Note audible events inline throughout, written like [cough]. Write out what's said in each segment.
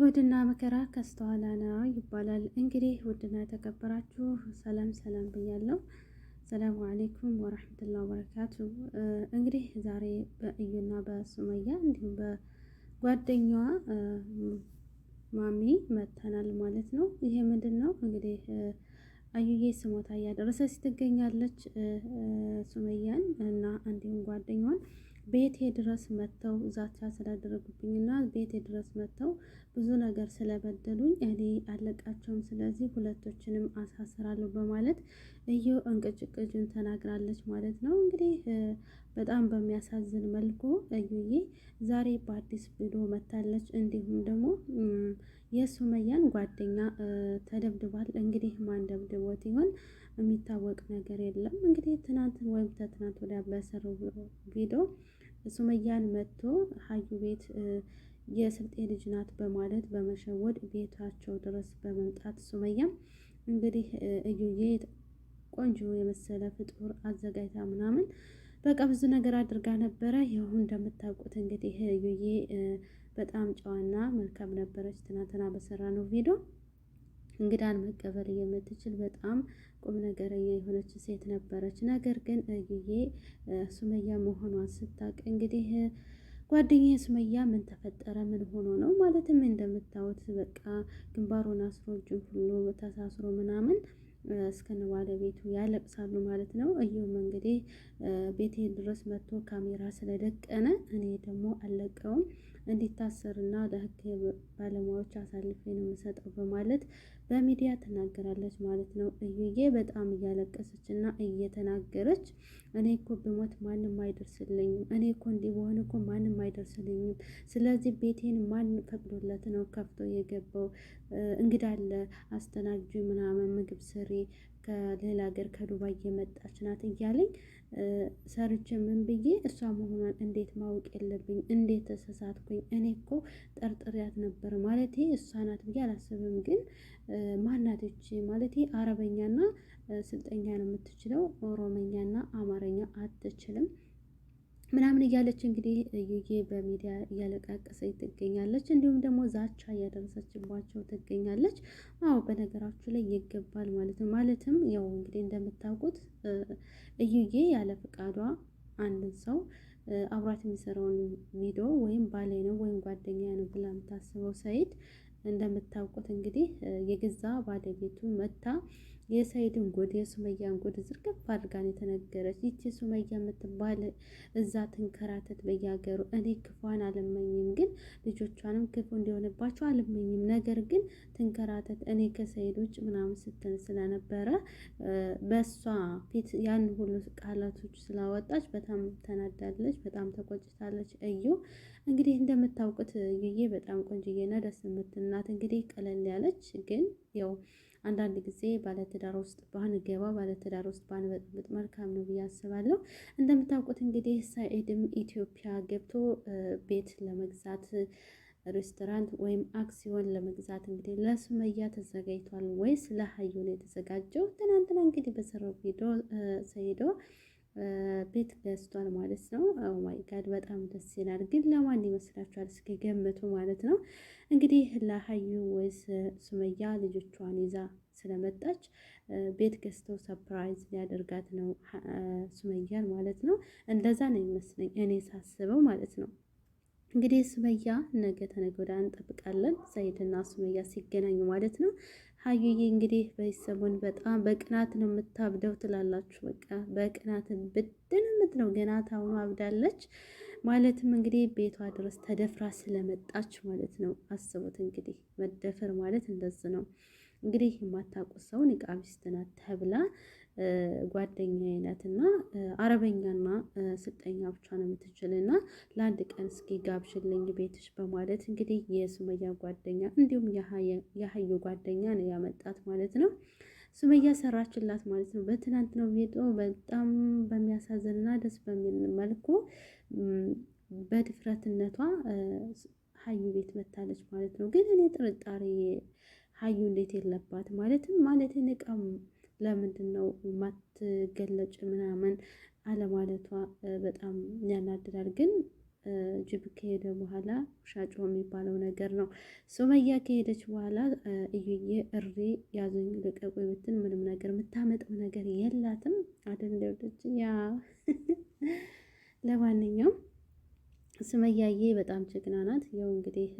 ጉድና መከራ ከስተኋላ ነው ይባላል። እንግዲህ ውድና የተከበራችሁ ሰላም ሰላም ብያለሁ። ሰላሙ አሌይኩም ወረሕመቱላ ወበረካቱ። እንግዲህ ዛሬ በእዩና በሱመያ እንዲሁም በጓደኛዋ ማሚ መተናል ማለት ነው። ይሄ ምንድን ነው እንግዲህ አዩዬ ስሞታ እያደረሰች ትገኛለች ሱመያን እና እንዲሁም ጓደኛዋን ቤቴ ድረስ መጥተው ዛቻ እና ቤቴ ድረስ መጥተው ብዙ ነገር ስለበደሉኝ እኔ አለቃቸውም፣ ስለዚህ ሁለቶችንም አሳስራለሁ በማለት እየው እንቅጭቅጁን ተናግራለች ማለት ነው። እንግዲህ በጣም በሚያሳዝን መልኩ እዩዬ ዛሬ በአዲስ ቪዲዮ መታለች። እንዲሁም ደግሞ የሱመያን ጓደኛ ተደብድቧል። እንግዲህ ማን ደብድቦት ይሆን የሚታወቅ ነገር የለም። እንግዲህ ትናንት ወይም ተትናንት ወዲያ በሰሩ ቪዲዮ ሱመያን መጥቶ ሀዩ ቤት የስልጤ ልጅ ናት በማለት በመሸወድ ቤታቸው ድረስ በመምጣት ሱመያም እንግዲህ እዩዬ ቆንጆ የመሰለ ፍጡር አዘጋጅታ ምናምን በቃ ብዙ ነገር አድርጋ ነበረ። ይኸው እንደምታውቁት እንግዲህ እዩዬ በጣም ጨዋና መልካም ነበረች። ትናንትና በሰራ ነው ቪዲዮ እንግዳን መቀበል የምትችል በጣም ቁም ነገረኛ የሆነች ሴት ነበረች። ነገር ግን እዩዬ ሱመያ መሆኗን ስታቅ እንግዲህ ጓደኛ ሱመያ ምን ተፈጠረ? ምን ሆኖ ነው ማለትም እንደምታዩት በቃ ግንባሩን አስሮ እጁን ሁሉ ተሳስሮ ምናምን እስከነ ባለቤቱ ያለቅሳሉ ማለት ነው። እዩም እንግዲህ ቤቴ ድረስ መጥቶ ካሜራ ስለደቀነ እኔ ደግሞ አለቀውም። እንዲታሰርና ለህግ ባለሙያዎች አሳልፌ ነው የምሰጠው በማለት በሚዲያ ትናገራለች ማለት ነው። እዩዬ በጣም እያለቀሰች እና እየተናገረች እኔ እኮ ብሞት ማንም አይደርስልኝም፣ እኔ እኮ እንዲህ በሆን እኮ ማንም አይደርስልኝም። ስለዚህ ቤቴን ማን ፈቅዶለት ነው ከፍቶ የገባው? እንግዳለ አስተናግጁ ምናምን ምግብ ስሪ ከሌላ ሀገር ከዱባይ የመጣች ናት እያለኝ ሰርቼ ምን ብዬ እሷ መሆኗን እንዴት ማወቅ የለብኝ? እንዴት ተሳሳትኩኝ? እኔ እኮ ጠርጥሬያት ነበር ማለት እሷ ናት ብዬ አላስብም። ግን ማናቶች ማለት አረበኛና ስልጠኛ ነው የምትችለው፣ ኦሮመኛና አማርኛ አትችልም። ምናምን እያለች እንግዲህ እዩዬ በሚዲያ እያለቃቀሰች ትገኛለች። እንዲሁም ደግሞ ዛቻ እያደረሰችባቸው ትገኛለች። አዎ በነገራችሁ ላይ ይገባል ማለት ነው። ማለትም ያው እንግዲህ እንደምታውቁት እዩዬ ያለ ፈቃዷ አንድን ሰው አብሯት የሚሰራውን ቪዲዮ ወይም ባሌ ነው ወይም ጓደኛ ነው ብላ የምታስበው ሳይድ እንደምታውቁት እንግዲህ የገዛ ባለቤቱ መታ የሰይድን ጉድ የሱመያን ጉድ ዝርግፍ አድርጋን የተነገረች ይቺ ሱመያ የምትባል እዛ ትንከራተት በያገሩ። እኔ ክፏን አልመኝም፣ ግን ልጆቿንም ክፉ እንዲሆንባቸው አልመኝም። ነገር ግን ትንከራተት እኔ ከሰይድ ውጭ ምናምን ስትል ስለነበረ በእሷ ፊት ያን ሁሉ ቃላቶች ስላወጣች በጣም ተናዳለች፣ በጣም ተቆጭታለች። እዩ እንግዲህ እንደምታውቁት ዩዬ በጣም ቆንጅዬና ደስ የምትናት እንግዲህ ቀለል ያለች ግን ያው አንዳንድ ጊዜ ባለትዳር ውስጥ ባንገባ ባለትዳር ውስጥ ባንበጥብጥ መልካም ነው ብዬ አስባለሁ። እንደምታውቁት እንግዲህ ሳኤድም ኢትዮጵያ ገብቶ ቤት ለመግዛት ሬስቶራንት ወይም አክሲዮን ለመግዛት እንግዲህ ለሱመያ ተዘጋጅቷል ወይስ ለሀዩ ነው የተዘጋጀው? ትናንትና እንግዲህ በሰራው ቪዲዮ ሰይዶ ቤት ገዝቷል ማለት ነው። ኦ ማይ ጋድ በጣም ደስ ይላል። ግን ለማን ይመስላችኋል? እስኪ ገምቱ ማለት ነው። እንግዲህ ለሀዩ ወይስ ሱመያ ልጆቿን ይዛ ስለመጣች ቤት ገዝተው ሰፕራይዝ ሊያደርጋት ነው ሱመያን ማለት ነው። እንደዛ ነው ይመስለኝ እኔ ሳስበው ማለት ነው። እንግዲህ ሱመያ ነገ ተነገ ወዲያ እንጠብቃለን ሰይድና ሱመያ ሲገናኙ ማለት ነው። ሀዩዬ እንግዲህ በይሰሙን በጣም በቅናት ነው የምታብደው ትላላችሁ። በቃ በቅናት ብድንምት ነው ገና ታውኑ አብዳለች። ማለትም እንግዲህ ቤቷ ድረስ ተደፍራ ስለመጣች ማለት ነው። አስቡት እንግዲህ መደፈር ማለት እንደዚህ ነው። እንግዲህ የማታውቁት ሰው ኒቃቢስት ናት ተብላ ጓደኛ አይነት እና አረበኛና ስልጠኛ ብቻ ነው የምትችል እና ለአንድ ቀን እስኪ ጋብሽልኝ ቤትሽ በማለት እንግዲህ የሱመያ ጓደኛ እንዲሁም የሀዩ ጓደኛ ነው ያመጣት ማለት ነው። ሱመያ ሰራችላት ማለት ነው። በትናንት ነው ቪዲዮ በጣም በሚያሳዝን እና ደስ በሚል መልኩ በድፍረትነቷ ሀዩ ቤት መታለች ማለት ነው። ግን እኔ ጥርጣሬ ሀዩ እንዴት የለባት ማለትም ማለት ንቀም ለምንድን ነው ማትገለጭ ምናምን አለማለቷ በጣም ያናድዳል። ግን ጅብ ከሄደ በኋላ ሻጮ የሚባለው ነገር ነው። ሱመያ ከሄደች በኋላ እዩዬ እሪ ያዙኝ ልቀቁኝ ብትል ምንም ነገር የምታመጣው ነገር የላትም። አደንደውች ያ [laughs] ለማንኛውም ሱመያዬ በጣም ጀግና ናት። ያው እንግዲህ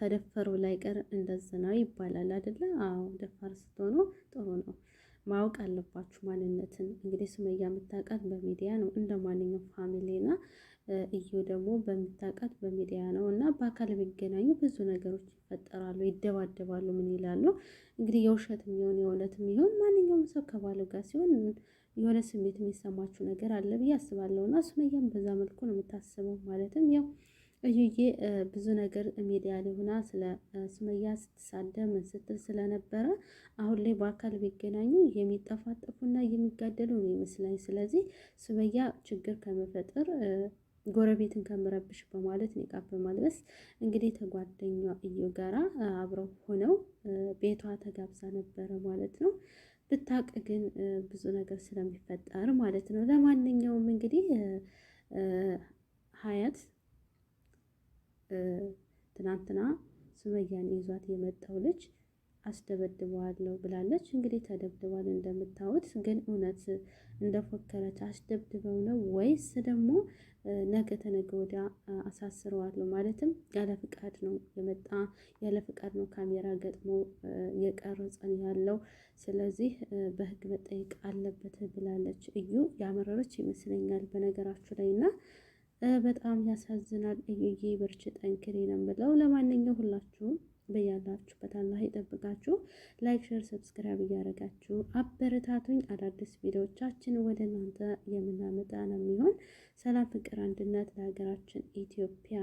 ተደፈሩ ላይቀር ቀር ይባላል አይደለ? አዎ ደፋር ስትሆኑ ጥሩ ነው። ማወቅ አለባችሁ ማንነትን። እንግዲህ ሱመያ የምታውቃት በሚዲያ ነው እንደ ማንኛውም ፋሚሊና እዩ ደግሞ በምታውቃት በሚዲያ ነው እና በአካል የሚገናኙ ብዙ ነገሮች ይፈጠራሉ፣ ይደባደባሉ፣ ምን ይላሉ። እንግዲህ የውሸት የሚሆን የእውነት የሚሆን ማንኛውም ሰው ከባለው ጋር ሲሆን የሆነ ስሜት የሚሰማችሁ ነገር አለ ብዬ አስባለሁ። እና ሱመያም በዛ መልኩ ነው የምታስበው ማለትም ያው እዩዬ ብዙ ነገር ሚዲያ ላይ ሆና ስለ ሱመያ ስትሳደብ ስትል ስለነበረ አሁን ላይ በአካል ቢገናኙ የሚጠፋጠፉና የሚጋደሉ ነው ይመስላል። ስለዚህ ሱመያ ችግር ከመፈጠር ጎረቤትን ከምረብሽ በማለት ኒቃብ በማልበስ እንግዲህ ተጓደኛ እዩ ጋራ አብረው ሆነው ቤቷ ተጋብዛ ነበረ ማለት ነው። ብታቅ ግን ብዙ ነገር ስለሚፈጠር ማለት ነው። ለማንኛውም እንግዲህ ሀያት ትናንትና ሱመያን ይዟት የመጣው ልጅ አስደበድበዋለሁ ብላለች። እንግዲህ ተደብድቧል እንደምታዩት። ግን እውነት እንደፎከረች አስደብድበው ነው ወይስ ደግሞ ነገ ተነገ ወዲያ አሳስረዋለሁ ማለትም ያለ ፍቃድ ነው የመጣ ያለ ፍቃድ ነው ካሜራ ገጥሞ የቀረጸን ያለው ስለዚህ በህግ መጠየቅ አለበት ብላለች። እዩ ያመረረች ይመስለኛል በነገራችሁ ላይ እና በጣም ያሳዝናል። እዩዬ በርቺ፣ ጠንክሪ ነው ብለው። ለማንኛው ሁላችሁም በያላችሁበት አላህ ይጠብቃችሁ። ላይክ፣ ሼር፣ ሰብስክራይብ እያደረጋችሁ አበረታቱኝ። አዳዲስ ቪዲዮዎቻችን ወደ እናንተ የምናመጣ ነው የሚሆን። ሰላም፣ ፍቅር፣ አንድነት ለሀገራችን ኢትዮጵያ